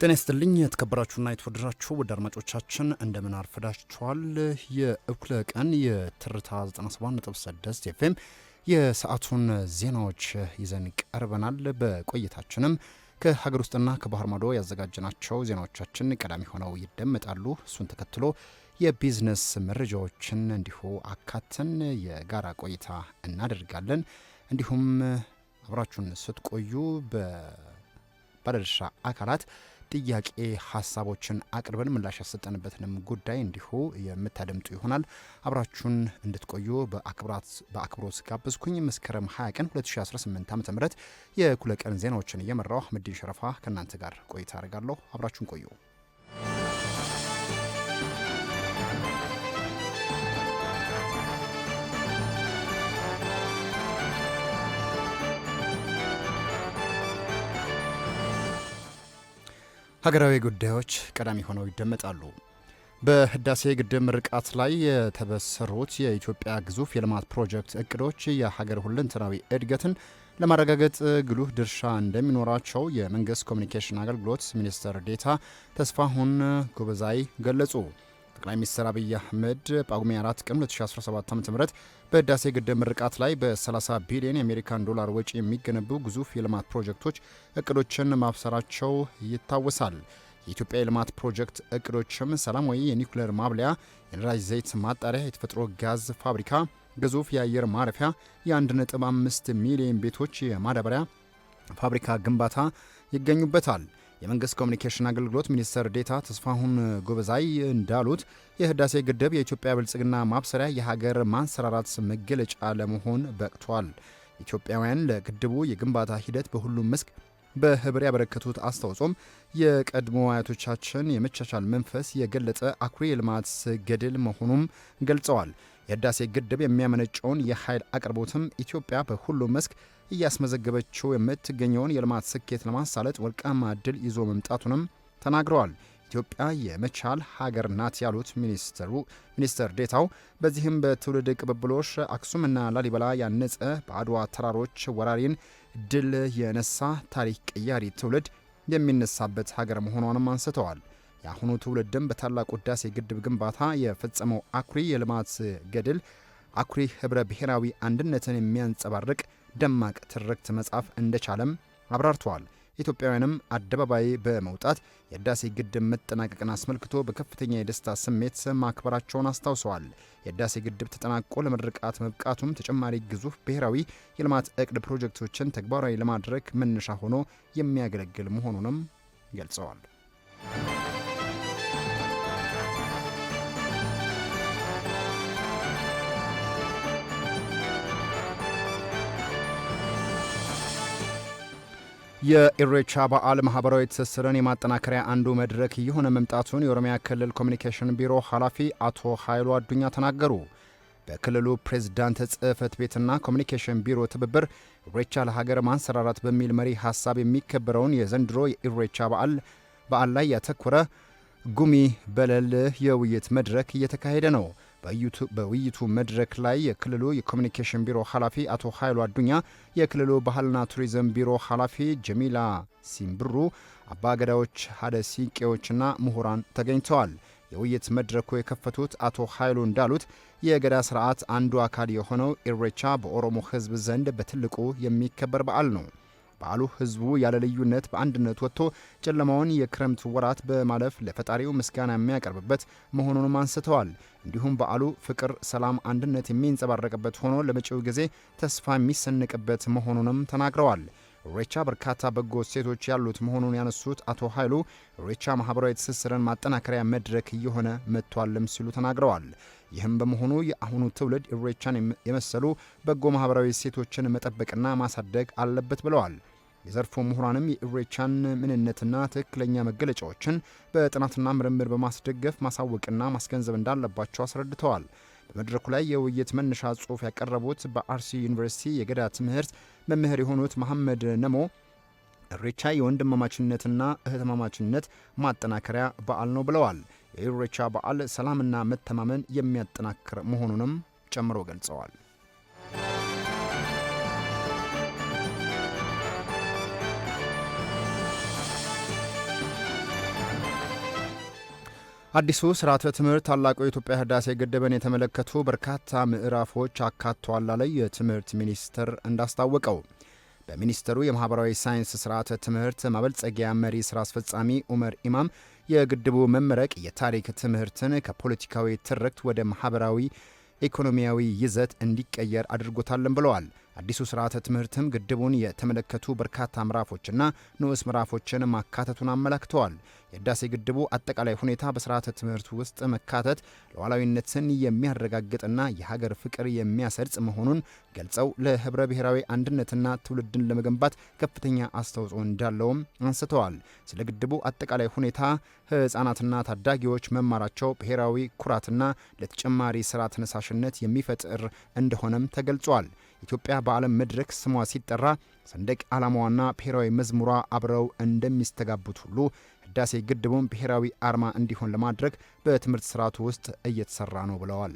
ጤና ይስጥልኝ የተከበራችሁና የተወደዳችሁ ውድ አድማጮቻችን እንደምን አርፍዳችኋል። የእኩለ ቀን የትርታ 97.6 ኤፍኤም የሰዓቱን ዜናዎች ይዘን ቀርበናል። በቆይታችንም ከሀገር ውስጥና ከባህር ማዶ ያዘጋጀናቸው ዜናዎቻችን ቀዳሚ ሆነው ይደመጣሉ። እሱን ተከትሎ የቢዝነስ መረጃዎችን እንዲሁ አካተን የጋራ ቆይታ እናደርጋለን። እንዲሁም አብራችሁን ስትቆዩ በባለድርሻ አካላት ጥያቄ ሀሳቦችን አቅርበን ምላሽ ያሰጠንበትንም ጉዳይ እንዲሁ የምታደምጡ ይሆናል። አብራችሁን እንድትቆዩ በአክብሮት ጋብዝኩኝ። መስከረም 20 ቀን 2018 ዓ ም የእኩለ ቀን ዜናዎችን እየመራው አህመዲን ሸረፋ ከእናንተ ጋር ቆይታ አደርጋለሁ። አብራችሁን ቆዩ። ሀገራዊ ጉዳዮች ቀዳሚ ሆነው ይደመጣሉ። በህዳሴ ግድብ ምርቃት ላይ የተበሰሩት የኢትዮጵያ ግዙፍ የልማት ፕሮጀክት እቅዶች የሀገር ሁለንተናዊ እድገትን ለማረጋገጥ ግሉህ ድርሻ እንደሚኖራቸው የመንግስት ኮሚኒኬሽን አገልግሎት ሚኒስትር ዴታ ተስፋሁን ጎበዛይ ገለጹ። ጠቅላይ ሚኒስትር አብይ አህመድ ጳጉሜ 4 ቀን 2017 ዓ ም በህዳሴ ግድብ ምርቃት ላይ በ30 ቢሊዮን የአሜሪካን ዶላር ወጪ የሚገነቡ ግዙፍ የልማት ፕሮጀክቶች እቅዶችን ማብሰራቸው ይታወሳል። የኢትዮጵያ የልማት ፕሮጀክት እቅዶችም ሰላማዊ የኒውክሌር ማብለያ፣ የነዳጅ ዘይት ማጣሪያ፣ የተፈጥሮ ጋዝ ፋብሪካ፣ ግዙፍ የአየር ማረፊያ፣ የ1.5 ሚሊዮን ቤቶች የማዳበሪያ ፋብሪካ ግንባታ ይገኙበታል። የመንግስት ኮሚኒኬሽን አገልግሎት ሚኒስትር ዴታ ተስፋሁን ጎበዛይ እንዳሉት የህዳሴ ግድብ የኢትዮጵያ ብልጽግና ማብሰሪያ የሀገር ማንሰራራት መገለጫ ለመሆን በቅቷል። ኢትዮጵያውያን ለግድቡ የግንባታ ሂደት በሁሉም መስክ በህብር ያበረከቱት አስተዋጽኦም የቀድሞ አያቶቻችን የመቻቻል መንፈስ የገለጠ አኩሪ የልማት ገድል መሆኑም ገልጸዋል። የህዳሴ ግድብ የሚያመነጨውን የኃይል አቅርቦትም ኢትዮጵያ በሁሉም መስክ እያስመዘገበችው የምትገኘውን የልማት ስኬት ለማሳለጥ ወርቃማ እድል ይዞ መምጣቱንም ተናግረዋል። ኢትዮጵያ የመቻል ሀገር ናት ያሉት ሚኒስትሩ ሚኒስትር ዴታው በዚህም በትውልድ ቅብብሎሽ አክሱምና ላሊበላ ያነጸ በአድዋ ተራሮች ወራሪን ድል የነሳ ታሪክ ቀያሪ ትውልድ የሚነሳበት ሀገር መሆኗንም አንስተዋል። የአሁኑ ትውልድም በታላቁ ህዳሴ ግድብ ግንባታ የፈጸመው አኩሪ የልማት ገድል አኩሪ ህብረ ብሔራዊ አንድነትን የሚያንጸባርቅ ደማቅ ትርክት መጻፍ እንደቻለም አብራርተዋል። ኢትዮጵያውያንም አደባባይ በመውጣት የህዳሴ ግድብ መጠናቀቅን አስመልክቶ በከፍተኛ የደስታ ስሜት ማክበራቸውን አስታውሰዋል። የህዳሴ ግድብ ተጠናቆ ለምርቃት መብቃቱም ተጨማሪ ግዙፍ ብሔራዊ የልማት እቅድ ፕሮጀክቶችን ተግባራዊ ለማድረግ መነሻ ሆኖ የሚያገለግል መሆኑንም ገልጸዋል። የኢሬቻ በዓል ማህበራዊ ትስስርን የማጠናከሪያ አንዱ መድረክ እየሆነ መምጣቱን የኦሮሚያ ክልል ኮሚኒኬሽን ቢሮ ኃላፊ አቶ ኃይሉ አዱኛ ተናገሩ። በክልሉ ፕሬዝዳንት ጽህፈት ቤትና ኮሚኒኬሽን ቢሮ ትብብር ኢሬቻ ለሀገር ማንሰራራት በሚል መሪ ሐሳብ የሚከበረውን የዘንድሮ የኢሬቻ በዓል በዓል ላይ ያተኮረ ጉሚ በለል የውይይት መድረክ እየተካሄደ ነው። በውይይቱ መድረክ ላይ የክልሉ የኮሚኒኬሽን ቢሮ ኃላፊ አቶ ኃይሉ አዱኛ፣ የክልሉ ባህልና ቱሪዝም ቢሮ ኃላፊ ጀሚላ ሲምብሩ፣ አባገዳዎች፣ ሀደ ሲቄዎችና ምሁራን ተገኝተዋል። የውይይት መድረኩ የከፈቱት አቶ ኃይሉ እንዳሉት የገዳ ስርዓት አንዱ አካል የሆነው ኢሬቻ በኦሮሞ ሕዝብ ዘንድ በትልቁ የሚከበር በዓል ነው። በዓሉ ህዝቡ ያለ ልዩነት በአንድነት ወጥቶ ጨለማውን የክረምት ወራት በማለፍ ለፈጣሪው ምስጋና የሚያቀርብበት መሆኑንም አንስተዋል። እንዲሁም በዓሉ ፍቅር፣ ሰላም፣ አንድነት የሚንጸባረቅበት ሆኖ ለመጪው ጊዜ ተስፋ የሚሰንቅበት መሆኑንም ተናግረዋል። ሬቻ በርካታ በጎ እሴቶች ያሉት መሆኑን ያነሱት አቶ ኃይሉ ሬቻ ማህበራዊ ትስስርን ማጠናከሪያ መድረክ እየሆነ መጥቷልም ሲሉ ተናግረዋል። ይህም በመሆኑ የአሁኑ ትውልድ ኢሬቻን የመሰሉ በጎ ማህበራዊ እሴቶችን መጠበቅና ማሳደግ አለበት ብለዋል። የዘርፉ ምሁራንም የኢሬቻን ምንነትና ትክክለኛ መገለጫዎችን በጥናትና ምርምር በማስደገፍ ማሳወቅና ማስገንዘብ እንዳለባቸው አስረድተዋል። በመድረኩ ላይ የውይይት መነሻ ጽሑፍ ያቀረቡት በአርሲ ዩኒቨርሲቲ የገዳ ትምህርት መምህር የሆኑት መሐመድ ነሞ ኢሬቻ የወንድማማችነትና እህትማማችነት ማጠናከሪያ በዓል ነው ብለዋል። የኢሬቻ በዓል ሰላምና መተማመን የሚያጠናክር መሆኑንም ጨምሮ ገልጸዋል። አዲሱ ስርዓተ ትምህርት ታላቁ የኢትዮጵያ ህዳሴ ግድብን የተመለከቱ በርካታ ምዕራፎች አካቷል አለ የትምህርት ሚኒስቴር እንዳስታወቀው። በሚኒስቴሩ የማኅበራዊ ሳይንስ ስርዓተ ትምህርት ማበልጸጊያ መሪ ሥራ አስፈጻሚ ኡመር ኢማም የግድቡ መመረቅ የታሪክ ትምህርትን ከፖለቲካዊ ትርክት ወደ ማኅበራዊ ኢኮኖሚያዊ ይዘት እንዲቀየር አድርጎታለን ብለዋል። አዲሱ ስርዓተ ትምህርትም ግድቡን የተመለከቱ በርካታ ምዕራፎችና ንዑስ ምዕራፎችን ማካተቱን አመላክተዋል። የህዳሴ ግድቡ አጠቃላይ ሁኔታ በስርዓተ ትምህርት ውስጥ መካተት ሉዓላዊነትን የሚያረጋግጥና የሀገር ፍቅር የሚያሰርጽ መሆኑን ገልጸው ለህብረ ብሔራዊ አንድነትና ትውልድን ለመገንባት ከፍተኛ አስተዋጽኦ እንዳለውም አንስተዋል። ስለ ግድቡ አጠቃላይ ሁኔታ ህጻናትና ታዳጊዎች መማራቸው ብሔራዊ ኩራትና ለተጨማሪ ስራ ተነሳሽነት የሚፈጥር እንደሆነም ተገልጿል። ኢትዮጵያ በዓለም መድረክ ስሟ ሲጠራ ሰንደቅ ዓላማዋና ብሔራዊ መዝሙሯ አብረው እንደሚስተጋቡት ሁሉ ህዳሴ ግድቡን ብሔራዊ አርማ እንዲሆን ለማድረግ በትምህርት ስርዓቱ ውስጥ እየተሰራ ነው ብለዋል።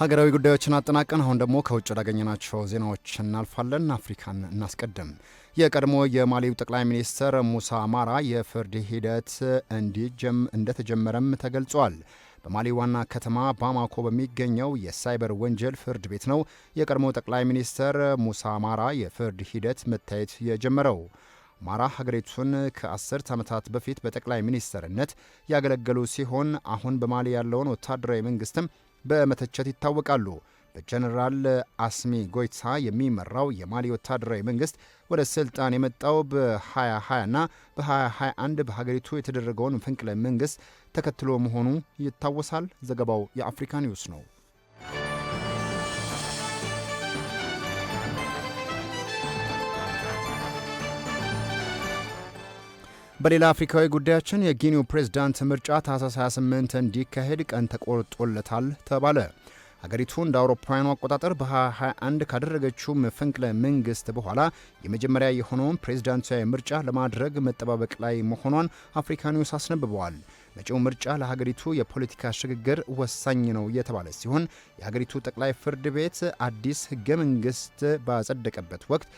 ሀገራዊ ጉዳዮችን አጠናቀን አሁን ደግሞ ከውጭ ወዳገኘናቸው ዜናዎች እናልፋለን። አፍሪካን እናስቀድም። የቀድሞ የማሊው ጠቅላይ ሚኒስትር ሙሳ ማራ የፍርድ ሂደት እንደተጀመረም ተገልጿል። በማሊ ዋና ከተማ ባማኮ በሚገኘው የሳይበር ወንጀል ፍርድ ቤት ነው የቀድሞ ጠቅላይ ሚኒስትር ሙሳ ማራ የፍርድ ሂደት መታየት የጀመረው። ማራ ሀገሪቱን ከአስርት ዓመታት በፊት በጠቅላይ ሚኒስትርነት ያገለገሉ ሲሆን አሁን በማሊ ያለውን ወታደራዊ መንግስትም በመተቸት ይታወቃሉ። በጀነራል አስሚ ጎይታ የሚመራው የማሊ ወታደራዊ መንግስት ወደ ስልጣን የመጣው በ2020ና በ2021 በሀገሪቱ የተደረገውን ፍንቅለ መንግስት ተከትሎ መሆኑ ይታወሳል። ዘገባው የአፍሪካ ኒውስ ነው። በሌላ አፍሪካዊ ጉዳያችን የጊኒው ፕሬዝዳንት ምርጫ ታህሳስ 28 እንዲካሄድ ቀን ተቆርጦለታል ተባለ። ሀገሪቱ እንደ አውሮፓውያኑ አቆጣጠር በ2021 ካደረገችው መፈንቅለ መንግስት በኋላ የመጀመሪያ የሆነውን ፕሬዝዳንታዊ ምርጫ ለማድረግ መጠባበቅ ላይ መሆኗን አፍሪካ ኒውስ አስነብበዋል። መጪው ምርጫ ለሀገሪቱ የፖለቲካ ሽግግር ወሳኝ ነው የተባለ ሲሆን የሀገሪቱ ጠቅላይ ፍርድ ቤት አዲስ ህገ መንግስት ባጸደቀበት ወቅት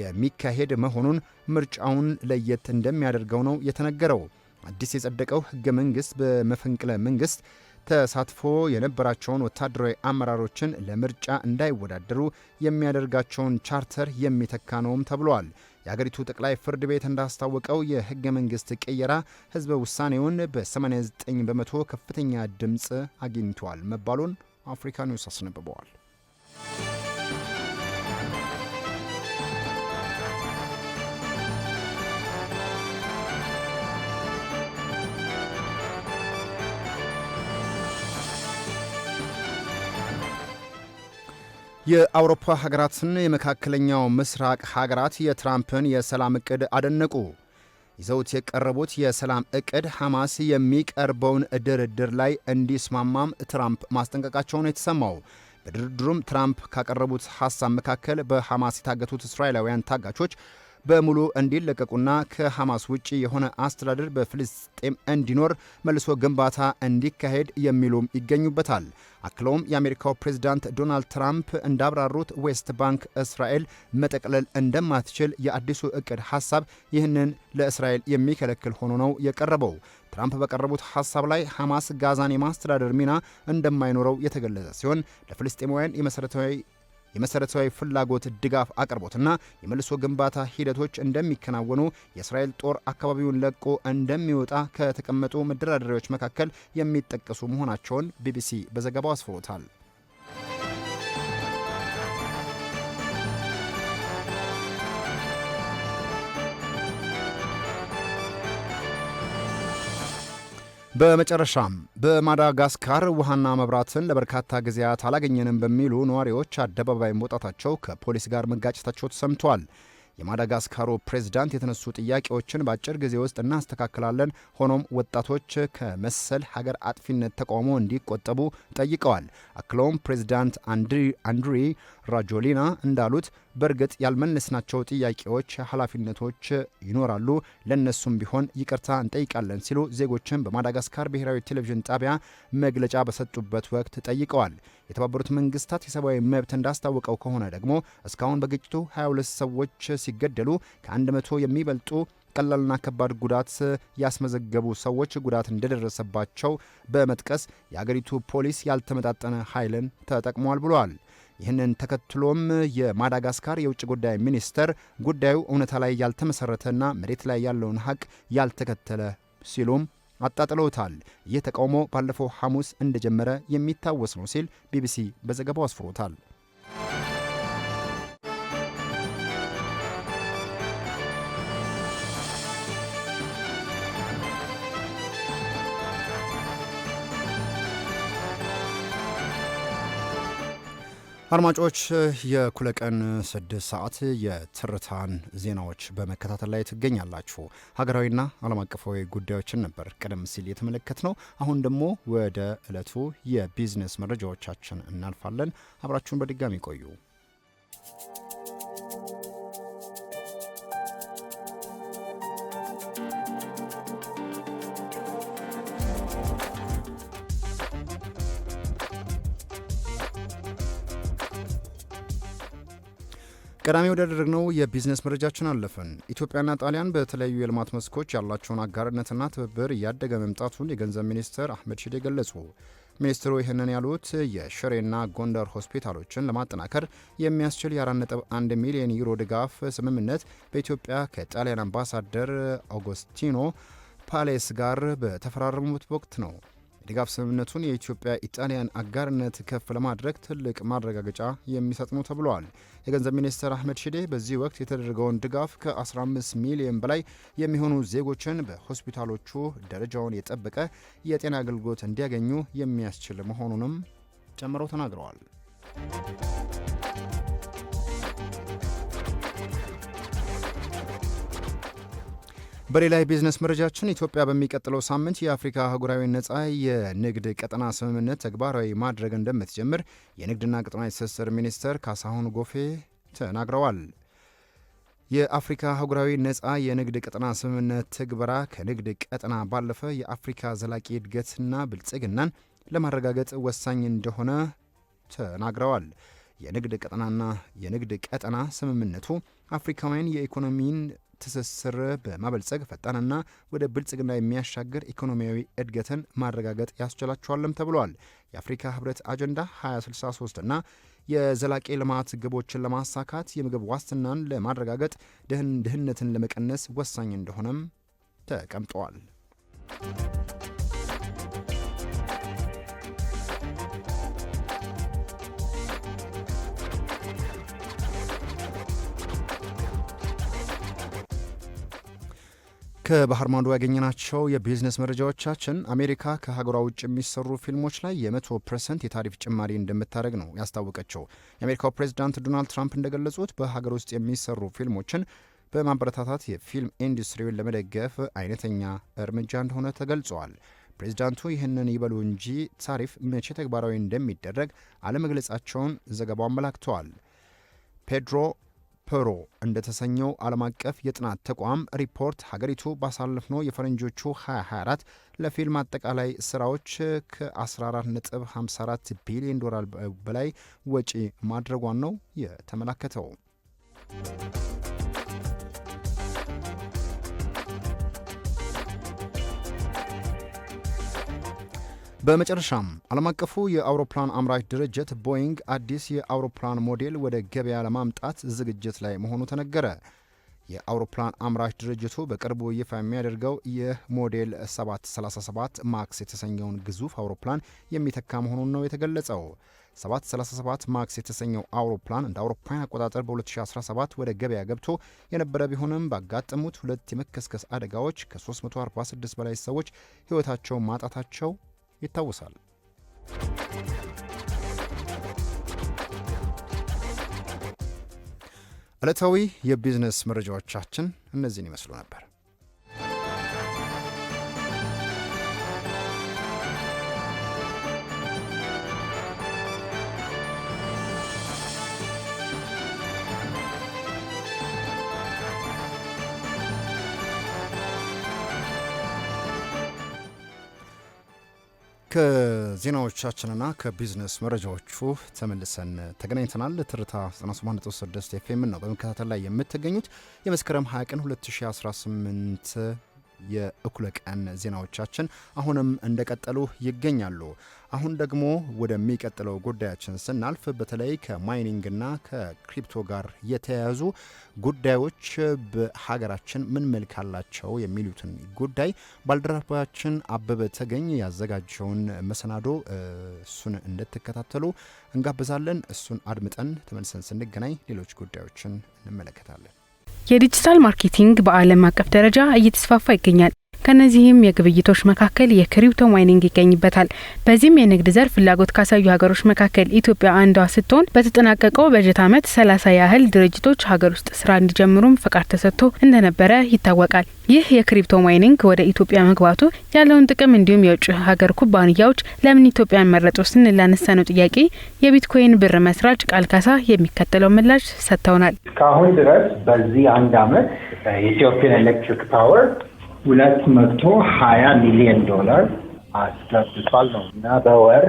የሚካሄድ መሆኑን ምርጫውን ለየት እንደሚያደርገው ነው የተነገረው። አዲስ የጸደቀው ህገ መንግሥት በመፈንቅለ መንግሥት ተሳትፎ የነበራቸውን ወታደራዊ አመራሮችን ለምርጫ እንዳይወዳደሩ የሚያደርጋቸውን ቻርተር የሚተካ ነውም ተብሏል። የአገሪቱ ጠቅላይ ፍርድ ቤት እንዳስታወቀው የህገ መንግሥት ቅየራ ሕዝበ ውሳኔውን በ89 በመቶ ከፍተኛ ድምፅ አግኝቷል መባሉን አፍሪካ ኒውስ አስነብበዋል። የአውሮፓ ሀገራትን የመካከለኛው ምስራቅ ሀገራት የትራምፕን የሰላም እቅድ አደነቁ። ይዘውት የቀረቡት የሰላም እቅድ ሐማስ የሚቀርበውን ድርድር ላይ እንዲስማማም ትራምፕ ማስጠንቀቃቸውን የተሰማው። በድርድሩም ትራምፕ ካቀረቡት ሐሳብ መካከል በሐማስ የታገቱት እስራኤላውያን ታጋቾች በሙሉ እንዲለቀቁና ከሐማስ ውጭ የሆነ አስተዳደር በፍልስጤም እንዲኖር መልሶ ግንባታ እንዲካሄድ የሚሉም ይገኙበታል። አክለውም የአሜሪካው ፕሬዝዳንት ዶናልድ ትራምፕ እንዳብራሩት ዌስት ባንክ እስራኤል መጠቅለል እንደማትችል የአዲሱ እቅድ ሐሳብ ይህንን ለእስራኤል የሚከለክል ሆኖ ነው የቀረበው። ትራምፕ በቀረቡት ሐሳብ ላይ ሐማስ ጋዛን የማስተዳደር ሚና እንደማይኖረው የተገለጸ ሲሆን ለፍልስጤማውያን የመሠረታዊ የመሠረታዊ ፍላጎት ድጋፍ አቅርቦትና የመልሶ ግንባታ ሂደቶች እንደሚከናወኑ፣ የእስራኤል ጦር አካባቢውን ለቆ እንደሚወጣ ከተቀመጡ መደራደሪያዎች መካከል የሚጠቀሱ መሆናቸውን ቢቢሲ በዘገባው አስፍሮታል። በመጨረሻም በማዳጋስካር ውሃና መብራትን ለበርካታ ጊዜያት አላገኘንም በሚሉ ነዋሪዎች አደባባይ መውጣታቸው ከፖሊስ ጋር መጋጨታቸው ተሰምቷል። የማዳጋስካሩ ፕሬዝዳንት የተነሱ ጥያቄዎችን በአጭር ጊዜ ውስጥ እናስተካክላለን፣ ሆኖም ወጣቶች ከመሰል ሀገር አጥፊነት ተቃውሞ እንዲቆጠቡ ጠይቀዋል። አክለውም ፕሬዝዳንት አንድሪ ራጆሊና እንዳሉት በእርግጥ ያልመለስናቸው ጥያቄዎች፣ ኃላፊነቶች ይኖራሉ። ለእነሱም ቢሆን ይቅርታ እንጠይቃለን ሲሉ ዜጎችን በማዳጋስካር ብሔራዊ ቴሌቪዥን ጣቢያ መግለጫ በሰጡበት ወቅት ጠይቀዋል። የተባበሩት መንግስታት የሰብአዊ መብት እንዳስታወቀው ከሆነ ደግሞ እስካሁን በግጭቱ 22 ሰዎች ሲገደሉ ከ100 የሚበልጡ ቀላልና ከባድ ጉዳት ያስመዘገቡ ሰዎች ጉዳት እንደደረሰባቸው በመጥቀስ የአገሪቱ ፖሊስ ያልተመጣጠነ ኃይልን ተጠቅሟል ብለዋል። ይህንን ተከትሎም የማዳጋስካር የውጭ ጉዳይ ሚኒስተር ጉዳዩ እውነታ ላይ ያልተመሰረተና መሬት ላይ ያለውን ሀቅ ያልተከተለ ሲሉም አጣጥለውታል። ይህ ተቃውሞ ባለፈው ሐሙስ እንደጀመረ የሚታወስ ነው ሲል ቢቢሲ በዘገባው አስፍሮታል። አድማጮች የኩለቀን ስድስት ሰዓት የትርታን ዜናዎች በመከታተል ላይ ትገኛላችሁ። ሀገራዊና ዓለም አቀፋዊ ጉዳዮችን ነበር ቀደም ሲል የተመለከት ነው። አሁን ደግሞ ወደ ዕለቱ የቢዝነስ መረጃዎቻችን እናልፋለን። አብራችሁን በድጋሚ ቆዩ። ቀዳሚ ወዳደረግነው የቢዝነስ መረጃችን አለፈን። ኢትዮጵያና ጣሊያን በተለያዩ የልማት መስኮች ያላቸውን አጋርነትና ትብብር እያደገ መምጣቱን የገንዘብ ሚኒስትር አህመድ ሺዴ ገለጹ። ሚኒስትሩ ይህንን ያሉት የሽሬና ጎንደር ሆስፒታሎችን ለማጠናከር የሚያስችል የ4.1 ሚሊዮን ዩሮ ድጋፍ ስምምነት በኢትዮጵያ ከጣሊያን አምባሳደር አውጎስቲኖ ፓሌስ ጋር በተፈራረሙበት ወቅት ነው። የድጋፍ ስምምነቱን የኢትዮጵያ ኢጣሊያን አጋርነት ከፍ ለማድረግ ትልቅ ማረጋገጫ የሚሰጥ ነው ተብሏል። የገንዘብ ሚኒስትር አህመድ ሺዴ በዚህ ወቅት የተደረገውን ድጋፍ ከ15 ሚሊዮን በላይ የሚሆኑ ዜጎችን በሆስፒታሎቹ ደረጃውን የጠበቀ የጤና አገልግሎት እንዲያገኙ የሚያስችል መሆኑንም ጨምረው ተናግረዋል። በሌላ የቢዝነስ መረጃችን ኢትዮጵያ በሚቀጥለው ሳምንት የአፍሪካ አህጉራዊ ነጻ የንግድ ቀጠና ስምምነት ተግባራዊ ማድረግ እንደምትጀምር የንግድና ቀጠናዊ ትስስር ሚኒስትር ካሳሁን ጎፌ ተናግረዋል። የአፍሪካ አህጉራዊ ነጻ የንግድ ቀጠና ስምምነት ትግበራ ከንግድ ቀጠና ባለፈ የአፍሪካ ዘላቂ እድገትና ብልጽግናን ለማረጋገጥ ወሳኝ እንደሆነ ተናግረዋል። የንግድ ቀጠናና የንግድ ቀጠና ስምምነቱ አፍሪካውያን የኢኮኖሚን ትስስር በማበልጸግ ፈጣንና ወደ ብልጽግና የሚያሻግር ኢኮኖሚያዊ እድገትን ማረጋገጥ ያስችላቸዋልም ተብሏል። የአፍሪካ ህብረት አጀንዳ 2063 እና የዘላቂ ልማት ግቦችን ለማሳካት የምግብ ዋስትናን ለማረጋገጥ ድህነትን ለመቀነስ ወሳኝ እንደሆነም ተቀምጠዋል። ከባህር ማዶ ያገኘናቸው የቢዝነስ መረጃዎቻችን አሜሪካ ከሀገሯ ውጭ የሚሰሩ ፊልሞች ላይ የመቶ ፐርሰንት የታሪፍ ጭማሪ እንደምታደርግ ነው ያስታወቀችው። የአሜሪካው ፕሬዚዳንት ዶናልድ ትራምፕ እንደገለጹት በሀገር ውስጥ የሚሰሩ ፊልሞችን በማበረታታት የፊልም ኢንዱስትሪውን ለመደገፍ አይነተኛ እርምጃ እንደሆነ ተገልጸዋል። ፕሬዚዳንቱ ይህንን ይበሉ እንጂ ታሪፍ መቼ ተግባራዊ እንደሚደረግ አለመግለጻቸውን ዘገባው አመላክተዋል። ፔድሮ ፐሮ እንደተሰኘው ዓለም አቀፍ የጥናት ተቋም ሪፖርት ሀገሪቱ ባሳለፍነው የፈረንጆቹ 2024 ለፊልም አጠቃላይ ስራዎች ከ14.54 ቢሊዮን ዶላር በላይ ወጪ ማድረጓን ነው የተመላከተው። በመጨረሻም ዓለም አቀፉ የአውሮፕላን አምራች ድርጅት ቦይንግ አዲስ የአውሮፕላን ሞዴል ወደ ገበያ ለማምጣት ዝግጅት ላይ መሆኑ ተነገረ። የአውሮፕላን አምራች ድርጅቱ በቅርቡ ይፋ የሚያደርገው ይህ ሞዴል 737 ማክስ የተሰኘውን ግዙፍ አውሮፕላን የሚተካ መሆኑን ነው የተገለጸው። 737 ማክስ የተሰኘው አውሮፕላን እንደ አውሮፓውያን አቆጣጠር በ2017 ወደ ገበያ ገብቶ የነበረ ቢሆንም ባጋጠሙት ሁለት የመከስከስ አደጋዎች ከ346 በላይ ሰዎች ሕይወታቸውን ማጣታቸው ይታወሳል። ዕለታዊ የቢዝነስ መረጃዎቻችን እነዚህን ይመስሉ ነበር። ከዜናዎቻችንና ከቢዝነስ መረጃዎቹ ተመልሰን ተገናኝተናል። ትርታ 98.6 ኤፍ ነው በመከታተል ላይ የምትገኙት። የመስከረም 20 ቀን 2018 የእኩለ ቀን ዜናዎቻችን አሁንም እንደቀጠሉ ይገኛሉ። አሁን ደግሞ ወደሚቀጥለው ጉዳያችን ስናልፍ በተለይ ከማይኒንግና ከክሪፕቶ ጋር የተያያዙ ጉዳዮች በሀገራችን ምን መልክ አላቸው የሚሉትን ጉዳይ ባልደረባችን አበበ ተገኝ ያዘጋጀውን መሰናዶ እሱን እንድትከታተሉ እንጋብዛለን። እሱን አድምጠን ተመልሰን ስንገናኝ ሌሎች ጉዳዮችን እንመለከታለን። የዲጂታል ማርኬቲንግ በዓለም አቀፍ ደረጃ እየተስፋፋ ይገኛል። ከእነዚህም የግብይቶች መካከል የክሪፕቶ ማይኒንግ ይገኝበታል። በዚህም የንግድ ዘርፍ ፍላጎት ካሳዩ ሀገሮች መካከል ኢትዮጵያ አንዷ ስትሆን በተጠናቀቀው በጀት ዓመት ሰላሳ ያህል ድርጅቶች ሀገር ውስጥ ስራ እንዲጀምሩም ፈቃድ ተሰጥቶ እንደነበረ ይታወቃል። ይህ የክሪፕቶ ማይኒንግ ወደ ኢትዮጵያ መግባቱ ያለውን ጥቅም እንዲሁም የውጭ ሀገር ኩባንያዎች ለምን ኢትዮጵያን መረጡ ስንል ላነሳነው ጥያቄ የቢትኮይን ብር መስራች ቃል ካሳ የሚከተለው ምላሽ ሰጥተውናል። እስካሁን ድረስ በዚህ አንድ አመት የኢትዮጵያን ኤሌክትሪክ ፓወር ሁለት መቶ ሀያ ሚሊዮን ዶላር አስገብቷል ነው እና በወር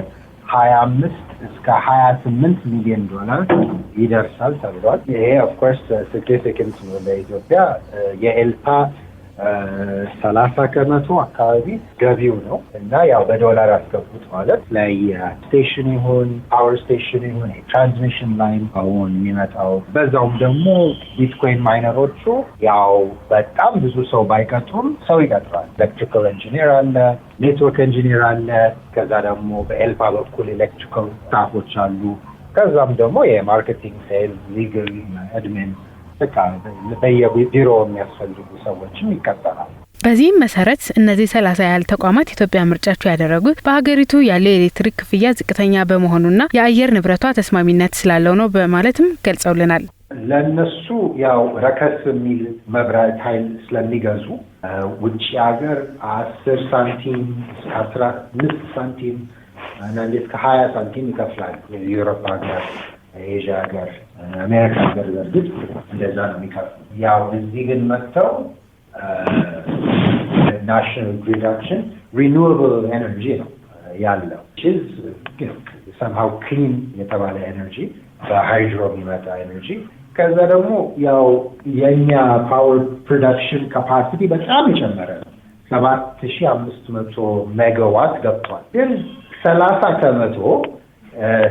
ሀያ አምስት እስከ ሀያ ስምንት ሚሊዮን ዶላር ይደርሳል ተብሏል። ይሄ ኦፍኮርስ ሲግኒፊካንት ነው ለኢትዮጵያ የኤልፓ ሰላሳ ከመቶ አካባቢ ገቢው ነው እና ያው በዶላር ያስገቡት ማለት ስቴሽን ይሁን ፓወር ስቴሽን ይሁን የትራንስሚሽን ላይን አሁን የሚመጣው በዛውም ደግሞ ቢትኮይን ማይነሮቹ ያው በጣም ብዙ ሰው ባይቀጥሩም ሰው ይቀጥራል። ኤሌክትሪካል ኢንጂኒር አለ፣ ኔትወርክ ኢንጂኒር አለ። ከዛ ደግሞ በኤልፓ በኩል ኤሌክትሪካል ስታፎች አሉ። ከዛም ደግሞ የማርኬቲንግ ሴል፣ ሊግል አድሚን በቃ በየቢሮ የሚያስፈልጉ ሰዎችም ይቀጠራል። በዚህም መሰረት እነዚህ ሰላሳ ያህል ተቋማት ኢትዮጵያ ምርጫቸው ያደረጉት በሀገሪቱ ያለው የኤሌክትሪክ ክፍያ ዝቅተኛ በመሆኑና የአየር ንብረቷ ተስማሚነት ስላለው ነው በማለትም ገልጸውልናል። ለእነሱ ያው ረከስ የሚል መብራት ኃይል ስለሚገዙ ውጭ ሀገር አስር ሳንቲም እስከ አስራ አምስት ሳንቲም አንዳንዴ እስከ ሀያ ሳንቲም ይከፍላል የዩሮፓ ሀገር ኤዥያ ሀገር፣ አሜሪካ ሀገር በእርግጥ እንደዛ ነው የሚከፍሉ። ያው እዚህ ግን መጥተው ናሽናል ግሪዳችን ሪኒዌብል ኤነርጂ ነው ያለው ሰምሃው ክሊን የተባለ ኤነርጂ በሃይድሮ የሚመጣ ኤነርጂ ከዛ ደግሞ ያው የእኛ ፓወር ፕሮዳክሽን ካፓሲቲ በጣም የጨመረ ነው። ሰባት ሺ አምስት መቶ ሜጋዋት ገብቷል። ግን ሰላሳ ከመቶ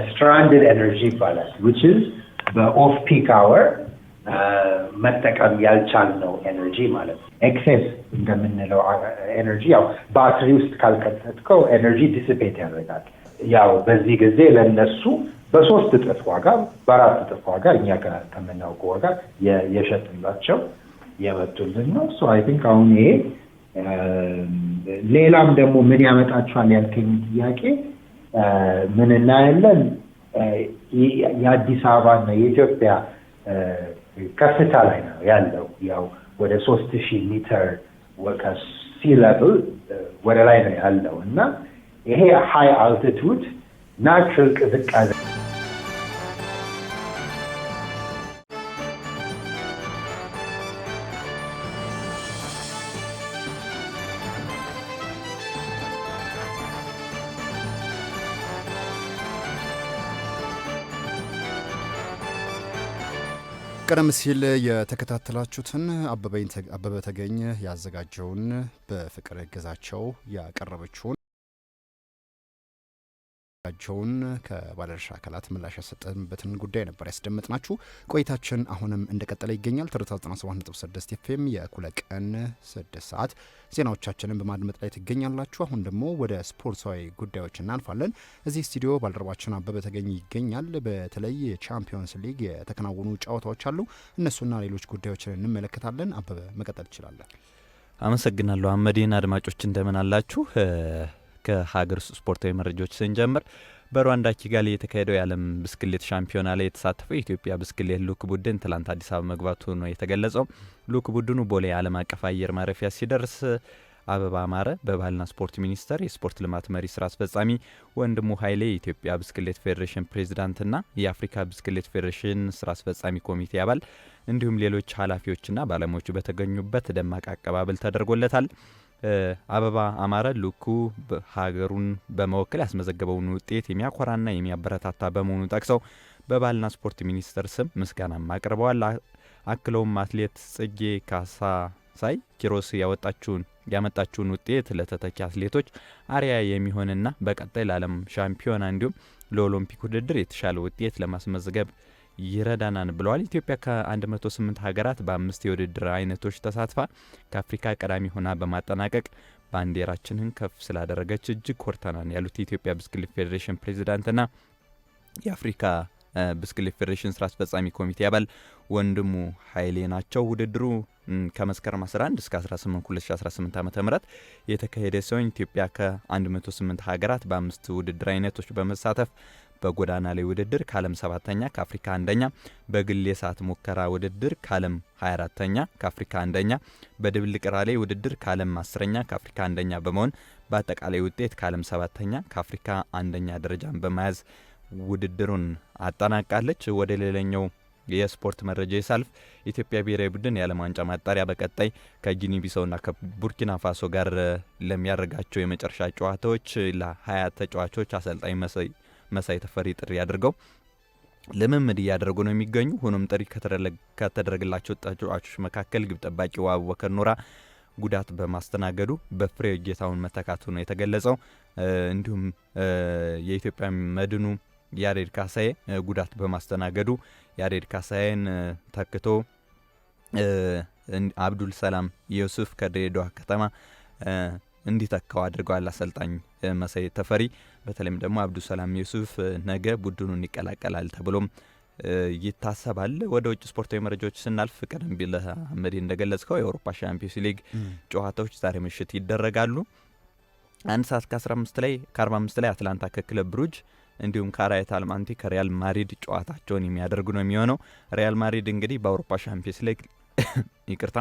ስትራንድድ ኤነርጂ ይባላል ዊች ዊችዝ በኦፍ ፒክ አወር መጠቀም ያልቻል ነው ኤነርጂ ማለት ነው። ኤክሴስ እንደምንለው ኤነርጂ uh, ያው ባትሪ ውስጥ ካልከተትከው ኤነርጂ ዲስፔት ያደርጋል። ያው በዚህ ጊዜ ለነሱ በሶስት እጥፍ ዋጋ በአራት እጥፍ ዋጋ እኛ ጋር ከምናውቀው ዋጋ የሸጥላቸው የመጡልን ነው። ሶ አይ ቲንክ አሁን ይሄ um, ሌላም ደግሞ ምን ያመጣቸዋል ያልከኝ ጥያቄ ምን እናያለን? የአዲስ አበባና የኢትዮጵያ ከፍታ ላይ ነው ያለው። ያው ወደ ሶስት ሺህ ሜትር ከሲ ለብል ወደ ላይ ነው ያለው እና ይሄ ሀይ አልቲቱድ ናቹራል ቅዝቃዜ ቀደም ሲል የተከታተላችሁትን አበበ ተገኝ ያዘጋጀውን በፍቅር ግዛቸው ያቀረበችውን ቸውን ከባለድርሻ አካላት ምላሽ ያሰጠንበትን ጉዳይ ነበር ያስደመጥናችሁ። ቆይታችን አሁንም እንደቀጠለ ይገኛል። ትርታ 97.6 ኤፍ ኤም የእኩለ ቀን 6 ሰዓት ዜናዎቻችንን በማድመጥ ላይ ትገኛላችሁ። አሁን ደግሞ ወደ ስፖርታዊ ጉዳዮች እናልፋለን። እዚህ ስቱዲዮ ባልደረባችን አበበ ተገኝ ይገኛል። በተለይ የቻምፒዮንስ ሊግ የተከናወኑ ጨዋታዎች አሉ። እነሱና ሌሎች ጉዳዮችን እንመለከታለን። አበበ መቀጠል ይችላለን። አመሰግናለሁ አመዴን። አድማጮች እንደምን አላችሁ? ከሀገር ውስጥ ስፖርታዊ መረጃዎች ስንጀምር በሩዋንዳ ኪጋሊ የተካሄደው የዓለም ብስክሌት ሻምፒዮና ላይ የተሳተፈው የኢትዮጵያ ብስክሌት ሉክ ቡድን ትላንት አዲስ አበባ መግባቱ ነው የተገለጸው። ሉክ ቡድኑ ቦሌ የዓለም አቀፍ አየር ማረፊያ ሲደርስ አበባ አማረ በባህልና ስፖርት ሚኒስቴር የስፖርት ልማት መሪ ስራ አስፈጻሚ፣ ወንድሙ ኃይሌ የኢትዮጵያ ብስክሌት ፌዴሬሽን ፕሬዚዳንትና የአፍሪካ ብስክሌት ፌዴሬሽን ስራ አስፈጻሚ ኮሚቴ አባል እንዲሁም ሌሎች ኃላፊዎችና ባለሙያዎች በተገኙበት ደማቅ አቀባበል ተደርጎለታል። አበባ አማረ ልኩ ሀገሩን በመወከል ያስመዘገበውን ውጤት የሚያኮራና የሚያበረታታ በመሆኑ ጠቅሰው በባህልና ስፖርት ሚኒስቴር ስም ምስጋናም አቅርበዋል። አክለውም አትሌት ጽጌ ሳይ ኪሮስ ያወጣችውን ያመጣችውን ውጤት ለተተኪ አትሌቶች አሪያ የሚሆንና በቀጣይ ለዓለም ሻምፒዮና እንዲሁም ለኦሎምፒክ ውድድር የተሻለ ውጤት ለማስመዝገብ ይረዳናን ብለዋል። ኢትዮጵያ ከ108 ሀገራት በአምስት የውድድር አይነቶች ተሳትፋ ከአፍሪካ ቀዳሚ ሆና በማጠናቀቅ ባንዲራችንን ከፍ ስላደረገች እጅግ ኮርተናን ያሉት የኢትዮጵያ ብስክሌት ፌዴሬሽን ፕሬዚዳንትና የአፍሪካ ብስክሌት ፌዴሬሽን ስራ አስፈጻሚ ኮሚቴ አባል ወንድሙ ኃይሌ ናቸው። ውድድሩ ከመስከረም 11 እስከ 18 2018 ዓ ም የተካሄደ ሲሆን ኢትዮጵያ ከ108 ሀገራት በአምስት ውድድር አይነቶች በመሳተፍ በጎዳና ላይ ውድድር ከዓለም ሰባተኛ ከአፍሪካ አንደኛ፣ በግል የሰዓት ሙከራ ውድድር ከዓለም 24ተኛ ከአፍሪካ አንደኛ፣ በድብልቅ ራሌ ውድድር ከዓለም አስረኛ ከአፍሪካ አንደኛ በመሆን በአጠቃላይ ውጤት ከዓለም ሰባተኛ ከአፍሪካ አንደኛ ደረጃን በመያዝ ውድድሩን አጠናቃለች። ወደ ሌላኛው የስፖርት መረጃ የሳልፍ ኢትዮጵያ ብሔራዊ ቡድን የዓለም ዋንጫ ማጣሪያ በቀጣይ ከጊኒ ቢሳውና ከቡርኪና ፋሶ ጋር ለሚያደርጋቸው የመጨረሻ ጨዋታዎች ለሀያ ተጫዋቾች አሰልጣኝ መሰይ መሳይ ተፈሪ ጥሪ አድርገው ልምምድ እያደረጉ ነው የሚገኙ። ሆኖም ጥሪ ከተደረገላቸው ተጫዋቾች መካከል ግብ ጠባቂው አቡበከር ኖራ ጉዳት በማስተናገዱ በፍሬ ጌታውን መተካቱ ነው የተገለጸው። እንዲሁም የኢትዮጵያ መድኑ ያሬድ ካሳዬ ጉዳት በማስተናገዱ ያሬድ ካሳዬን ተክቶ አብዱል ሰላም ዮሱፍ ከድሬዳዋ ከተማ እንዲተካው አድርገዋል አሰልጣኝ መሳይ ተፈሪ፣ በተለይም ደግሞ አብዱሰላም ዩሱፍ ነገ ቡድኑን ይቀላቀላል ተብሎም ይታሰባል። ወደ ውጭ ስፖርታዊ መረጃዎች ስናልፍ ቀደም ቢል አህመድ እንደገለጽከው የአውሮፓ ሻምፒዮንስ ሊግ ጨዋታዎች ዛሬ ምሽት ይደረጋሉ። አንድ ሰዓት ከ15 ላይ ከ45 ላይ አትላንታ ከክለብ ብሩጅ እንዲሁም ከአራየት አልማንቲ ከሪያል ማድሪድ ጨዋታቸውን የሚያደርጉ ነው የሚሆነው። ሪያል ማድሪድ እንግዲህ በአውሮፓ ሻምፒዮንስ ሊግ ይቅርታ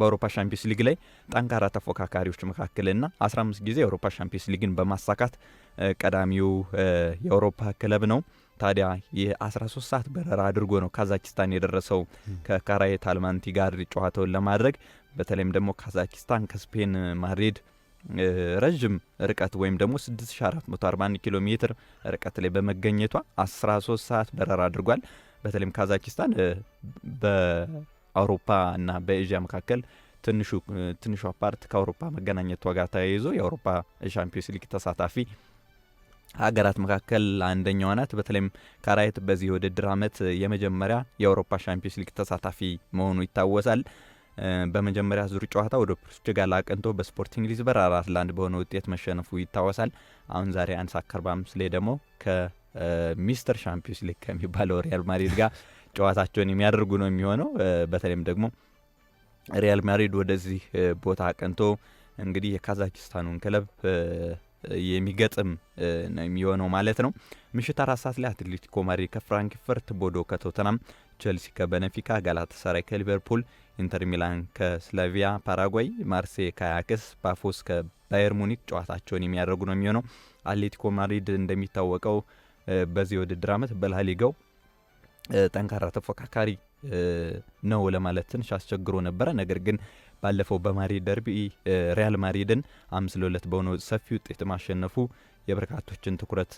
በአውሮፓ ሻምፒዮንስ ሊግ ላይ ጠንካራ ተፎካካሪዎች መካከልና 15 ጊዜ የአውሮፓ ሻምፒዮንስ ሊግን በማሳካት ቀዳሚው የአውሮፓ ክለብ ነው። ታዲያ የ13 ሰዓት በረራ አድርጎ ነው ካዛኪስታን የደረሰው ከካራዬት አልማንቲ ጋር ጨዋታውን ለማድረግ በተለይም ደግሞ ካዛኪስታን ከስፔን ማድሪድ ረዥም ርቀት ወይም ደግሞ 6441 ኪሎ ሜትር ርቀት ላይ በመገኘቷ 13 ሰዓት በረራ አድርጓል። በተለይም ካዛኪስታን አውሮፓ እና በኤዥያ መካከል ትንሹ ትንሿ ፓርት ከአውሮፓ መገናኘቷ ጋር ተያይዞ የአውሮፓ ሻምፒዮንስ ሊግ ተሳታፊ ሀገራት መካከል አንደኛዋ ናት። በተለይም ካራየት በዚህ የውድድር ዓመት የመጀመሪያ የአውሮፓ ሻምፒዮንስ ሊግ ተሳታፊ መሆኑ ይታወሳል። በመጀመሪያ ዙር ጨዋታ ወደ ፖርቹጋል አቅንቶ በስፖርቲንግ ሊዝበን አራት ለአንድ በሆነ ውጤት መሸነፉ ይታወሳል። አሁን ዛሬ አንድ ሰዓት ላይ ደግሞ ከሚስተር ሻምፒዮንስ ሊግ ከሚባለው ሪያል ማድሪድ ጋር ጨዋታቸውን የሚያደርጉ ነው የሚሆነው። በተለይም ደግሞ ሪያል ማድሪድ ወደዚህ ቦታ አቀንቶ እንግዲህ የካዛኪስታኑን ክለብ የሚገጥም ነው የሚሆነው ማለት ነው። ምሽት አራት ሰዓት ላይ አትሌቲኮ ማድሪድ ከፍራንክፈርት፣ ቦዶ ከቶተናም፣ ቸልሲ ከበነፊካ፣ ጋላታሳራይ ከሊቨርፑል፣ ኢንተር ሚላን ከስላቪያ ፓራጓይ፣ ማርሴይ ከአያክስ፣ ፓፎስ ከባየር ሙኒክ ጨዋታቸውን የሚያደርጉ ነው የሚሆነው። አትሌቲኮ ማድሪድ እንደሚታወቀው በዚህ ውድድር ዓመት በላሊጋው ጠንካራ ተፎካካሪ ነው ለማለት ትንሽ አስቸግሮ ነበረ። ነገር ግን ባለፈው በማድሪድ ደርቢ ሪያል ማድሪድን አምስት ለሁለት በሆነ ሰፊ ውጤት ማሸነፉ የበርካቶችን ትኩረት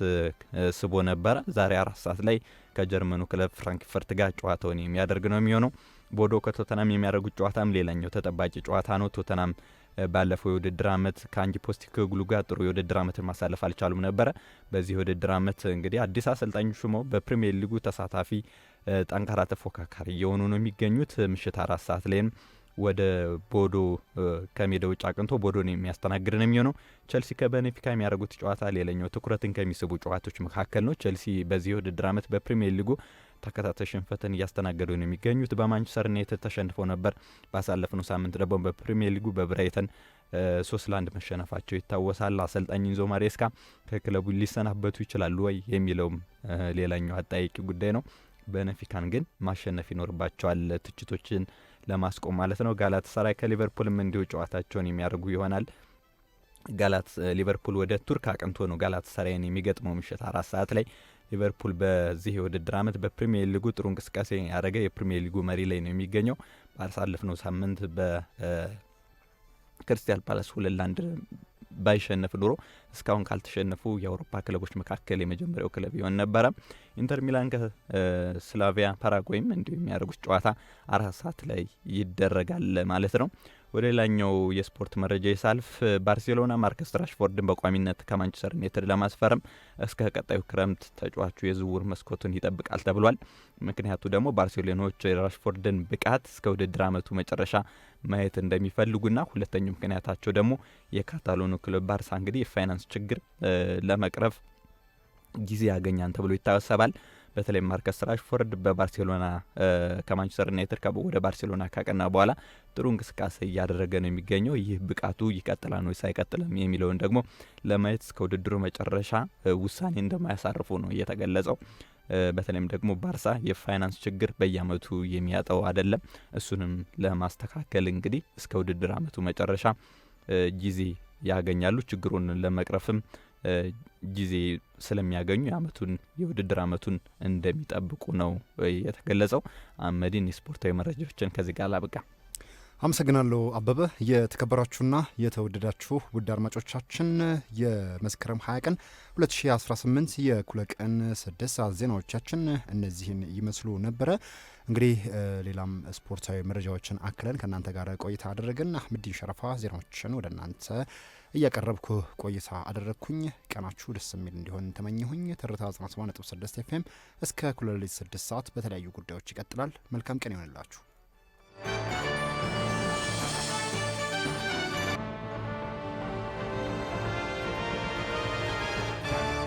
ስቦ ነበረ። ዛሬ አራት ሰዓት ላይ ከጀርመኑ ክለብ ፍራንክፈርት ጋር ጨዋታውን የሚያደርግ ነው የሚሆነው። ቦዶ ከቶተናም የሚያደርጉት ጨዋታም ሌላኛው ተጠባቂ ጨዋታ ነው። ቶተናም ባለፈው የውድድር ዓመት ከአንጅ ፖስቴኮግሉ ጋር ጥሩ የውድድር አመትን ማሳለፍ አልቻሉም ነበረ። በዚህ የውድድር ዓመት እንግዲህ አዲስ አሰልጣኝ ሹመው በፕሪምየር ሊጉ ተሳታፊ ጠንካራ ተፎካካሪ እየሆኑ ነው የሚገኙት። ምሽት አራት ሰዓት ላይም ወደ ቦዶ ከሜዳ ውጭ አቅንቶ ቦዶን የሚያስተናግድ ነው የሚሆነው። ቸልሲ ከበኔፊካ የሚያደርጉት ጨዋታ ሌላኛው ትኩረትን ከሚስቡ ጨዋቶች መካከል ነው። ቸልሲ በዚህ ውድድር አመት በፕሪምየር ሊጉ ተከታታይ ሽንፈትን እያስተናገዱ ነው የሚገኙት። በማንቸስተር ዩናይትድ ተሸንፈው ነበር። ባሳለፍነው ሳምንት ደግሞ በፕሪምየር ሊጉ በብራይተን ሶስት ለአንድ መሸነፋቸው ይታወሳል። አሰልጣኝ ኢንዞ ማሬስካ ከክለቡ ሊሰናበቱ ይችላሉ ወይ የሚለውም ሌላኛው አጠያቂ ጉዳይ ነው። በነፊካን ግን ማሸነፍ ይኖርባቸዋል ትችቶችን ለማስቆም ማለት ነው። ጋላት ሰራይ ከሊቨርፑልም እንዲሁ ጨዋታቸውን የሚያደርጉ ይሆናል። ጋላት ሊቨርፑል ወደ ቱርክ አቅንቶ ነው ሰራይን የሚገጥመው ምሽት አራት ሰዓት ላይ። ሊቨርፑል በዚህ የውድድር አመት በፕሪሚየር ሊጉ ጥሩ እንቅስቃሴ ያደረገ የፕሪሚየር ሊጉ መሪ ላይ ነው የሚገኘው። ባሳለፍነው ሳምንት በክርስቲያን ፓላስ ሁለት ለአንድ ባይሸነፍ ኑሮ እስካሁን ካልተሸነፉ የአውሮፓ ክለቦች መካከል የመጀመሪያው ክለብ ይሆን ነበረ። ኢንተር ሚላን ከስላቪያ ፓራጓይም እንዲሁ የሚያደርጉት ጨዋታ አራት ሰዓት ላይ ይደረጋል ማለት ነው። ወደ ሌላኛው የስፖርት መረጃ የሳልፍ ባርሴሎና ማርከስ ራሽፎርድን በቋሚነት ከማንቸስተር ዩናይትድ ለማስፈረም እስከ ቀጣዩ ክረምት ተጫዋቹ የዝውውር መስኮቱን ይጠብቃል ተብሏል። ምክንያቱ ደግሞ ባርሴሎናዎች የራሽፎርድን ብቃት እስከ ውድድር ዓመቱ መጨረሻ ማየት እንደሚፈልጉና ሁለተኛው ምክንያታቸው ደግሞ የካታሎኑ ክለብ ባርሳ እንግዲህ የፋይናንስ ችግር ለመቅረፍ ጊዜ ያገኛል ተብሎ ይታሰባል። በተለይ ማርከስ ራሽፎርድ በባርሴሎና ከማንቸስተር ዩናይትድ ወደ ባርሴሎና ካቀና በኋላ ጥሩ እንቅስቃሴ እያደረገ ነው የሚገኘው። ይህ ብቃቱ ይቀጥላል ነው አይቀጥልም የሚለውን ደግሞ ለማየት እስከ ውድድሩ መጨረሻ ውሳኔ እንደማያሳርፉ ነው የተገለጸው። በተለይም ደግሞ ባርሳ የፋይናንስ ችግር በየአመቱ የሚያጠው አይደለም። እሱንም ለማስተካከል እንግዲህ እስከ ውድድር አመቱ መጨረሻ ጊዜ ያገኛሉ። ችግሩን ለመቅረፍም ጊዜ ስለሚያገኙ የአመቱን የውድድር አመቱን እንደሚጠብቁ ነው የተገለጸው። አህመዲን የስፖርታዊ መረጃዎችን ከዚህ ጋር ላብቃ። አመሰግናለሁ አበበ። የተከበራችሁና የተወደዳችሁ ውድ አድማጮቻችን የመስከረም 20 ቀን 2018 የኩለ ቀን 6 ሰዓት ዜናዎቻችን እነዚህን ይመስሉ ነበረ። እንግዲህ ሌላም ስፖርታዊ መረጃዎችን አክለን ከእናንተ ጋር ቆይታ አደረግን። አህመዲን ሸረፋ ዜናዎችን ወደ እናንተ እያቀረብኩ ቆይታ አደረግኩኝ። ቀናችሁ ደስ የሚል እንዲሆን ተመኘሁኝ። ትርታ 97.6 ኤፍኤም እስከ ኩለሌት 6 ሰዓት በተለያዩ ጉዳዮች ይቀጥላል። መልካም ቀን ይሆንላችሁ።